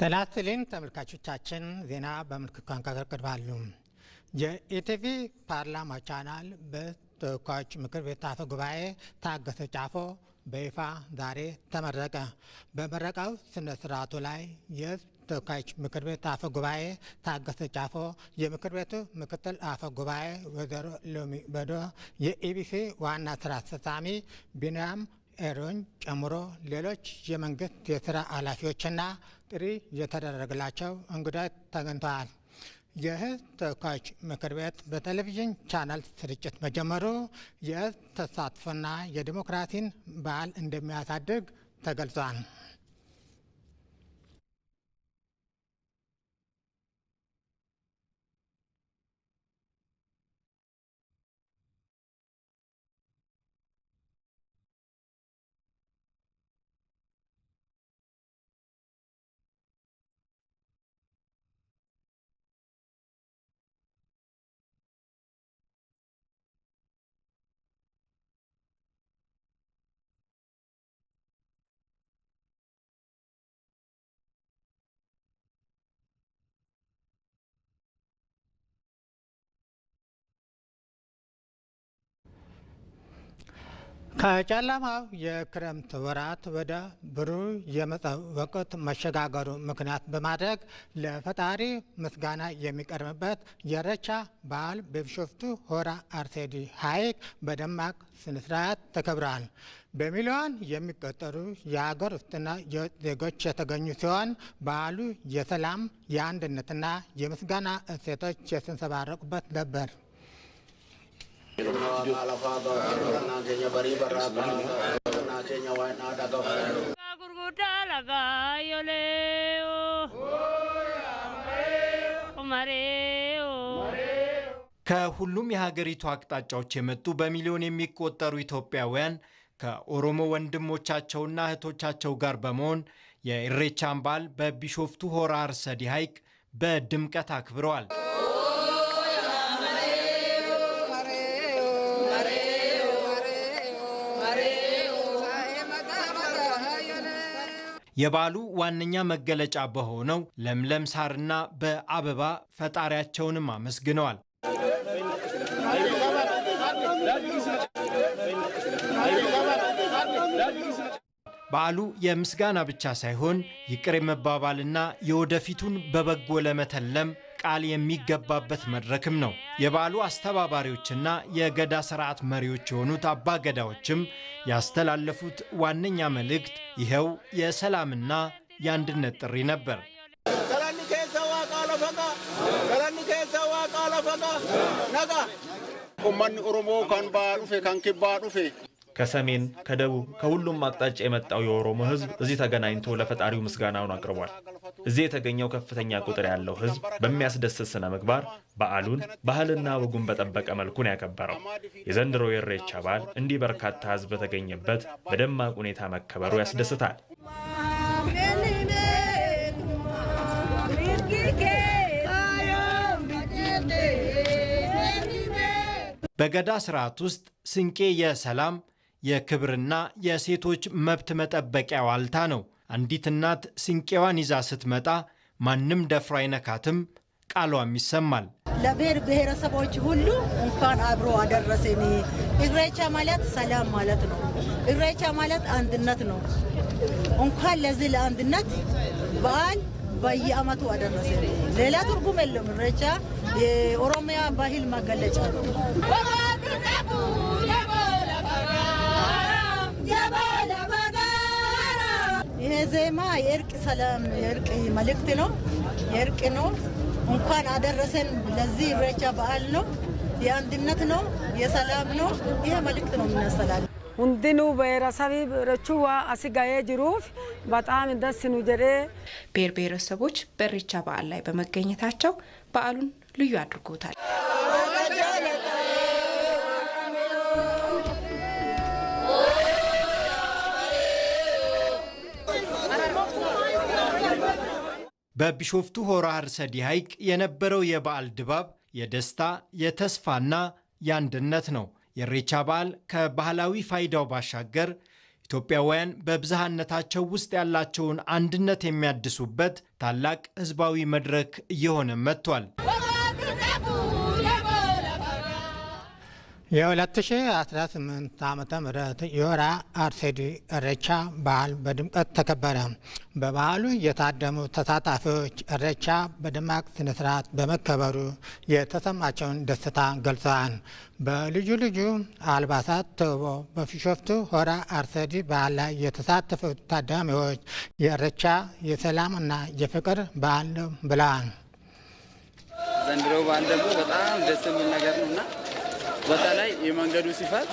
ተላስትልን ተመልካቾቻችን ዜና በምልክት ቋንቋ ቀርባሉ። የኢቲቪ ፓርላማ ቻናል በተወካዮች ምክር ቤት አፈ ጉባኤ ታገሰ ጫፎ በይፋ ዛሬ ተመረቀ። በመረቃው ስነ ስርዓቱ ላይ የህዝብ ተወካዮች ምክር ቤት አፈ ጉባኤ ታገሰ ጫፎ፣ የምክር ቤቱ ምክትል አፈ ጉባኤ ወይዘሮ ሎሚ በዶ፣ የኢቢሲ ዋና ስራ አስፈጻሚ ቢንያም ኤሮን ጨምሮ ሌሎች የመንግስት የስራ ኃላፊዎችና ጥሪ የተደረገላቸው እንግዳ ተገኝተዋል። የህዝብ ተወካዮች ምክር ቤት በቴሌቪዥን ቻናል ስርጭት መጀመሩ የህዝብ ተሳትፎና የዲሞክራሲን ባህል እንደሚያሳድግ ተገልጿል። ከጨለማው የክረምት ወራት ወደ ብሩህ የመጸው ወቅት መሸጋገሩ ምክንያት በማድረግ ለፈጣሪ ምስጋና የሚቀርብበት የኢሬቻ በዓል በብሾፍቱ ሆራ አርሴዲ ሐይቅ በደማቅ ስነስርዓት ተከብሯል። በሚሊዮን የሚቆጠሩ የሀገር ውስጥና የውጭ ዜጎች የተገኙ ሲሆን በዓሉ የሰላም የአንድነትና የምስጋና እሴቶች የተንጸባረቁበት ነበር። ከሁሉም የሀገሪቱ አቅጣጫዎች የመጡ በሚሊዮን የሚቆጠሩ ኢትዮጵያውያን ከኦሮሞ ወንድሞቻቸውና እህቶቻቸው ጋር በመሆን የኢሬቻን በዓል በቢሾፍቱ ሆራ አርሰዲ ሐይቅ በድምቀት አክብረዋል። የባሉ ዋነኛ መገለጫ በሆነው ለምለም ሳርና በአበባ ፈጣሪያቸውንም አመስግነዋል። በዓሉ የምስጋና ብቻ ሳይሆን ይቅር የመባባልና የወደፊቱን በበጎ ለመተለም ቃል የሚገባበት መድረክም ነው። የበዓሉ አስተባባሪዎችና የገዳ ስርዓት መሪዎች የሆኑት አባ ገዳዎችም ያስተላለፉት ዋነኛ መልእክት ይኸው የሰላምና የአንድነት ጥሪ ነበር። ከሰሜን ከደቡብ ከሁሉም አቅጣጫ የመጣው የኦሮሞ ህዝብ እዚህ ተገናኝቶ ለፈጣሪው ምስጋናውን አቅርቧል። እዚህ የተገኘው ከፍተኛ ቁጥር ያለው ሕዝብ በሚያስደስት ስነ ምግባር በዓሉን ባህልና ወጉን በጠበቀ መልኩን ያከበረው። የዘንድሮ የኢሬቻ በዓል እንዲህ በርካታ ሕዝብ በተገኘበት በደማቅ ሁኔታ መከበሩ ያስደስታል። በገዳ ስርዓት ውስጥ ስንቄ የሰላም የክብርና የሴቶች መብት መጠበቂያ ዋልታ ነው። አንዲት እናት ስንቄዋን ይዛ ስትመጣ ማንም ደፍሮ አይነካትም፣ ቃሏም ይሰማል። ለብሔር ብሔረሰቦች ሁሉ እንኳን አብሮ አደረሰን። ኢሬቻ ማለት ሰላም ማለት ነው። ኢሬቻ ማለት አንድነት ነው። እንኳን ለዚህ ለአንድነት በዓል በየአመቱ አደረሰን። ሌላ ትርጉም የለም። ኢሬቻ የኦሮሚያ ባህል መገለጫ ነው። ዜማ የእርቅ ሰላም የእርቅ መልእክት ነው፣ የእርቅ ነው። እንኳን አደረሰን ለዚህ ኢሬቻ በዓል ነው፣ የአንድነት ነው፣ የሰላም ነው። ይሄ መልእክት ነው የምናስተላል ሁንድኑ ብሔረሰብ ረችዋ አስጋዬ ጅሩፍ በጣም ደስ ኑ ጀሬ ብሔር ብሔረሰቦች በኢሬቻ በዓል ላይ በመገኘታቸው በዓሉን ልዩ አድርጎታል። በቢሾፍቱ ሆራ አርሰዲ ሐይቅ የነበረው የበዓል ድባብ የደስታ የተስፋና የአንድነት ነው። የኢሬቻ በዓል ከባህላዊ ፋይዳው ባሻገር ኢትዮጵያውያን በብዝሃነታቸው ውስጥ ያላቸውን አንድነት የሚያድሱበት ታላቅ ሕዝባዊ መድረክ እየሆነ መጥቷል። የ2018 ዓመተ ምህረት የሆራ አርሴዲ እሬቻ በዓል በድምቀት ተከበረ። በበዓሉ የታደሙ ተሳታፊዎች እሬቻ በደማቅ ስነስርዓት በመከበሩ የተሰማቸውን ደስታ ገልጸዋል። በልዩ ልዩ አልባሳት ተውቦ በቢሾፍቱ ሆራ አርሴዲ በዓል ላይ የተሳተፉ ታዳሚዎች የእሬቻ የሰላምና የፍቅር በዓል ብለዋል። ዘንድሮ በዓል ደግሞ በጣም ደስ የሚል ነገር ነውና ላይ የመንገዱ ሲፋት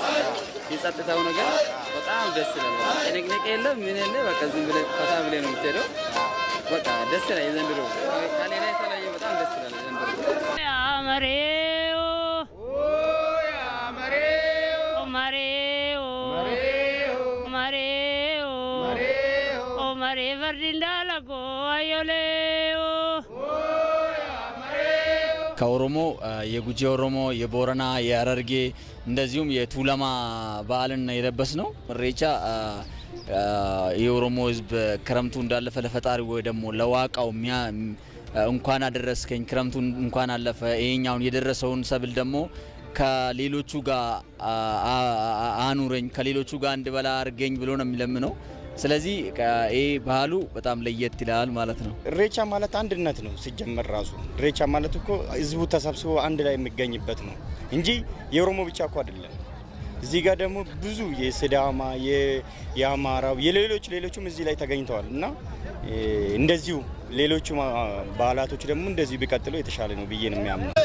የጸጥታው ነገር በጣም ደስ ይላል። ጭንቅንቅ የለም ምን የለ በቃ ዝም ብለህ ፈታ ብለህ ነው የምትሄደው። በቃ ደስ ይላል። የዘንድሮ ከሌላ የተለየ በጣም ደስ ይላል የዘንድሮ መሬው መሬ በርድ እንዳለጎ አዮሌ ከኦሮሞ የጉጂ ኦሮሞ፣ የቦረና፣ የአረርጌ እንደዚሁም የቱለማ በዓልን የለበስ ነው። ሬቻ የኦሮሞ ህዝብ ክረምቱ እንዳለፈ ለፈጣሪ ወይ ደግሞ ለዋቃው እንኳን አደረስከኝ ክረምቱ እንኳን አለፈ ይሄኛውን የደረሰውን ሰብል ደግሞ ከሌሎቹ ጋር አኑረኝ ከሌሎቹ ጋር እንድበላ አርገኝ ብሎ ነው የሚለምነው። ስለዚህ ይሄ ባህሉ በጣም ለየት ይላል ማለት ነው። ኢሬቻ ማለት አንድነት ነው ሲጀመር ራሱ ኢሬቻ ማለት እኮ ህዝቡ ተሰብስቦ አንድ ላይ የሚገኝበት ነው እንጂ የኦሮሞ ብቻ እኮ አይደለም። እዚህ ጋር ደግሞ ብዙ የስዳማ፣ የአማራው፣ የሌሎች ሌሎችም እዚህ ላይ ተገኝተዋል እና እንደዚሁ ሌሎቹ ባህላቶች ደግሞ እንደዚሁ ቢቀጥሉ የተሻለ ነው ብዬ ነው የሚያምነው።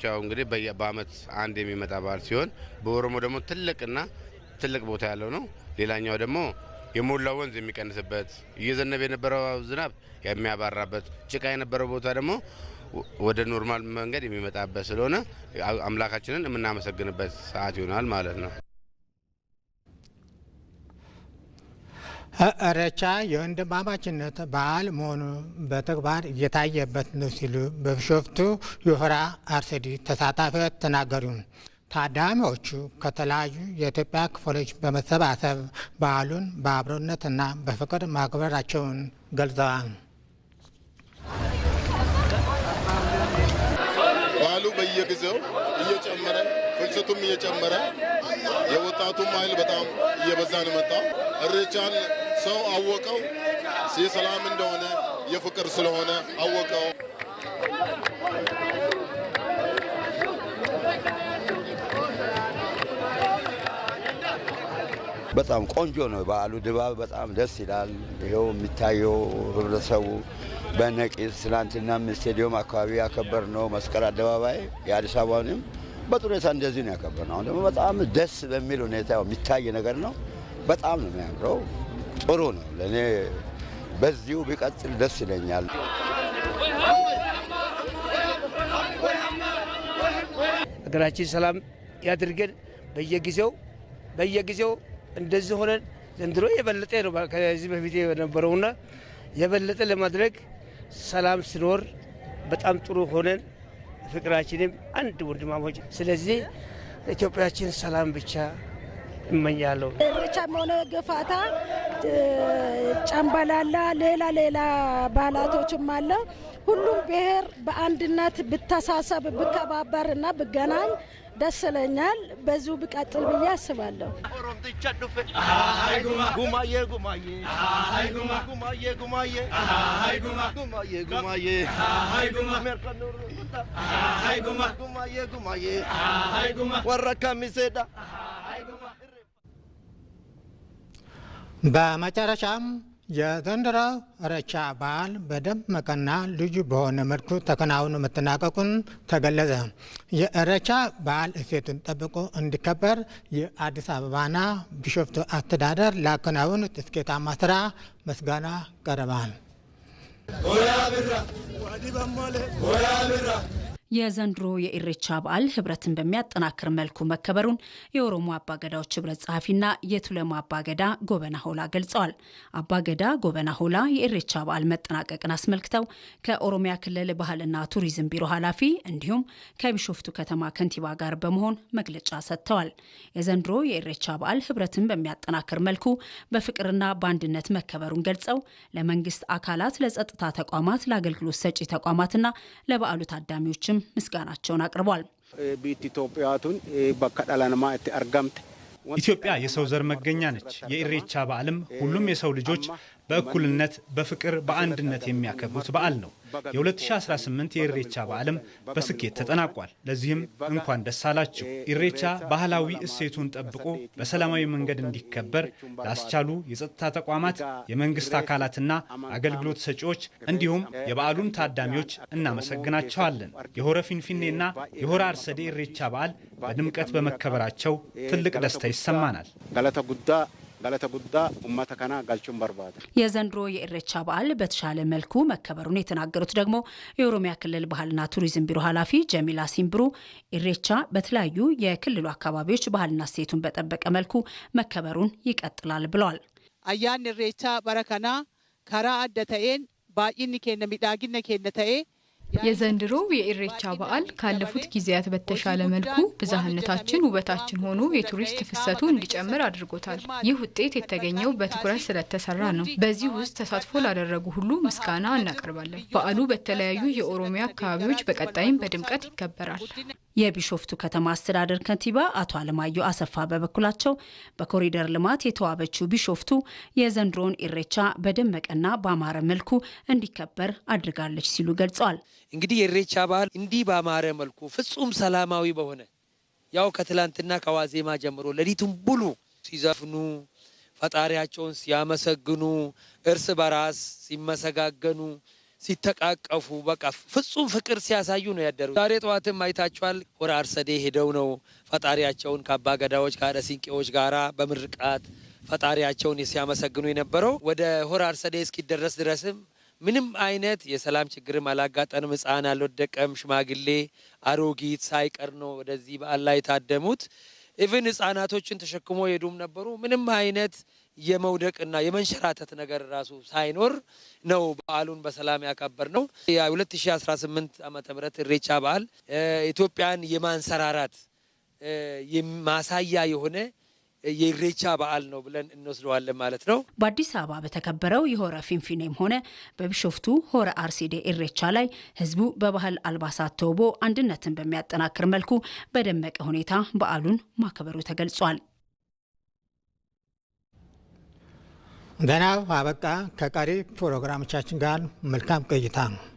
ኢሬቻ እንግዲህ በአመት አንድ የሚመጣ በዓል ሲሆን በኦሮሞ ደግሞ ትልቅና ትልቅ ቦታ ያለው ነው። ሌላኛው ደግሞ የሞላው ወንዝ የሚቀንስበት እየዘነበ የነበረው ዝናብ የሚያባራበት ጭቃ የነበረው ቦታ ደግሞ ወደ ኖርማል መንገድ የሚመጣበት ስለሆነ አምላካችንን የምናመሰግንበት ሰዓት ይሆናል ማለት ነው። እረቻ የወንድማማችነት በዓል መሆኑ በተግባር እየታየበት ነው ሲሉ በቢሾፍቱ ይሁራ አርሰዲ ተሳታፊዎች ተናገሩ። ታዳሚዎቹ ከተለያዩ የኢትዮጵያ ክፍሎች በመሰባሰብ በዓሉን በአብሮነትና በፍቅር ማክበራቸውን ገልጸዋል። በየጊዜው እየጨመረ ፍልሰቱም እየጨመረ የወጣቱም ኃይል በጣም እየበዛ ነው መጣ። እሬቻን ሰው አወቀው የሰላም እንደሆነ የፍቅር ስለሆነ አወቀው። በጣም ቆንጆ ነው። በዓሉ ድባብ በጣም ደስ ይላል። ይኸው የሚታየው ህብረተሰቡ በነቂስ ትናንትና ስቴዲየም አካባቢ ያከበር ነው መስቀል አደባባይ የአዲስ አበባንም በጥሩ ሁኔታ እንደዚህ ነው ያከበር ነው። አሁን ደግሞ በጣም ደስ በሚል ሁኔታ የሚታይ ነገር ነው። በጣም ነው የሚያምረው። ጥሩ ነው። ለእኔ በዚሁ ቢቀጥል ደስ ይለኛል። ሀገራችን ሰላም ያድርገን። በየጊዜው በየጊዜው እንደዚህ ሆነን ዘንድሮ የበለጠ ነው ከዚህ በፊት የነበረውና የበለጠ ለማድረግ ሰላም ሲኖር በጣም ጥሩ ሆነን ፍቅራችንም አንድ ወንድማሞች። ስለዚህ ኢትዮጵያችን ሰላም ብቻ እመኛለሁ። ኢሬቻም ሆነ ገፋታ፣ ጨምበላላ፣ ሌላ ሌላ ባህላቶችም አለ። ሁሉም ብሔር በአንድነት ብተሳሰብ ብከባበር እና ብገናኝ ደስ ለኛል በዚሁ ብቀጥል ብዬ አስባለሁ። በመጨረሻም የደንደራ ኢሬቻ በዓል በደመቀና ልዩ በሆነ መልኩ ተከናውኖ መጠናቀቁን ተገለጸ። የኢሬቻ በዓል እሴቱን ጠብቆ እንዲከበር የአዲስ አበባና ቢሾፍቱ አስተዳደር ላከናወኑት ስኬታማ ስራ ምስጋና ቀርቧል። የዘንድሮ የኢሬቻ በዓል ህብረትን በሚያጠናክር መልኩ መከበሩን የኦሮሞ አባገዳዎች ህብረት ጸሐፊና የቱለማ አባገዳ ጎበና ሆላ ገልጸዋል። አባገዳ ጎበና ሆላ የኢሬቻ በዓል መጠናቀቅን አስመልክተው ከኦሮሚያ ክልል ባህልና ቱሪዝም ቢሮ ኃላፊ እንዲሁም ከቢሾፍቱ ከተማ ከንቲባ ጋር በመሆን መግለጫ ሰጥተዋል። የዘንድሮ የኢሬቻ በዓል ህብረትን በሚያጠናክር መልኩ በፍቅርና በአንድነት መከበሩን ገልጸው ለመንግስት አካላት፣ ለጸጥታ ተቋማት፣ ለአገልግሎት ሰጪ ተቋማትና ለበዓሉ ታዳሚዎችም ለማመስገን ምስጋናቸውን አቅርቧል። ኢትዮጵያ የሰው ዘር መገኛ ነች። የኢሬቻ በዓልም ሁሉም የሰው ልጆች በእኩልነት በፍቅር በአንድነት የሚያከብሩት በዓል ነው። የ2018 የኢሬቻ በዓልም በስኬት ተጠናቋል። ለዚህም እንኳን ደስ አላችሁ። ኢሬቻ ባህላዊ እሴቱን ጠብቆ በሰላማዊ መንገድ እንዲከበር ላስቻሉ የጸጥታ ተቋማት፣ የመንግስት አካላትና አገልግሎት ሰጪዎች እንዲሁም የበዓሉን ታዳሚዎች እናመሰግናቸዋለን። የሆረ ፊንፊኔና የሆረ አርሰዴ ኢሬቻ በዓል በድምቀት በመከበራቸው ትልቅ ደስታ ይሰማናል። ጋለተ ጉዳ ኡመተ ከና ገልቹን በርባደ የዘንድሮ የኢሬቻ በዓል በተሻለ መልኩ መከበሩን የተናገሩት ደግሞ የኦሮሚያ ክልል ባህልና ቱሪዝም ቢሮ ኃላፊ ጀሚላ ሲምብሩ ኢሬቻ በተለያዩ የክልሉ አካባቢዎች ባህልና ሴቱን በጠበቀ መልኩ መከበሩን ይቀጥላል ብለዋል። አያን ኢሬቻ በረከና ከራ አደተኤን ተኤን ባኢን ኬነ ሚዳጊነ ኬነ ተኤ የዘንድሮው የኢሬቻ በዓል ካለፉት ጊዜያት በተሻለ መልኩ ብዝሃነታችን ውበታችን ሆኖ የቱሪስት ፍሰቱ እንዲጨምር አድርጎታል። ይህ ውጤት የተገኘው በትኩረት ስለተሰራ ነው። በዚህ ውስጥ ተሳትፎ ላደረጉ ሁሉ ምስጋና እናቀርባለን። በዓሉ በተለያዩ የኦሮሚያ አካባቢዎች በቀጣይም በድምቀት ይከበራል። የቢሾፍቱ ከተማ አስተዳደር ከንቲባ አቶ አለማየሁ አሰፋ በበኩላቸው በኮሪደር ልማት የተዋበችው ቢሾፍቱ የዘንድሮን ኢሬቻ በደመቀና በአማረ መልኩ እንዲከበር አድርጋለች ሲሉ ገልጸዋል። እንግዲህ የኢሬቻ በዓል እንዲህ በአማረ መልኩ ፍጹም ሰላማዊ በሆነ ያው ከትላንትና ከዋዜማ ጀምሮ ሌሊቱን ሙሉ ሲዘፍኑ ፈጣሪያቸውን ሲያመሰግኑ እርስ በራስ ሲመሰጋገኑ ሲተቃቀፉ በቃ ፍጹም ፍቅር ሲያሳዩ ነው ያደሩ። ዛሬ ጠዋትም አይታችኋል። ወደ አርሰዴ ሄደው ነው ፈጣሪያቸውን ከአባ ገዳዎች ከአደ ሲንቄዎች ጋራ በምርቃት ፈጣሪያቸውን ሲያመሰግኑ የነበረው። ወደ ሆራ አርሰዴ እስኪደረስ ድረስም ምንም አይነት የሰላም ችግርም አላጋጠንም። ሕፃን አልወደቀም፣ ሽማግሌ አሮጊት ሳይቀር ነው ወደዚህ በዓል ላይ የታደሙት። ኢቭን ሕፃናቶችን ተሸክሞ ሄዱም ነበሩ። ምንም አይነት የመውደቅና የመንሸራተት ነገር ራሱ ሳይኖር ነው በዓሉን በሰላም ያከበር ነው። የ2018 ዓ ም ኢሬቻ በዓል ኢትዮጵያን የማንሰራራት ማሳያ የሆነ የኢሬቻ በዓል ነው ብለን እንወስደዋለን ማለት ነው። በአዲስ አበባ በተከበረው የሆረ ፊንፊኔም ሆነ በቢሾፍቱ ሆረ አርሲዴ ኢሬቻ ላይ ህዝቡ በባህል አልባሳት ተውቦ አንድነትን በሚያጠናክር መልኩ በደመቀ ሁኔታ በዓሉን ማክበሩ ተገልጿል። ዜናው አበቃ። ከቀሪ ፕሮግራሞቻችን ጋር መልካም ቆይታ ነው።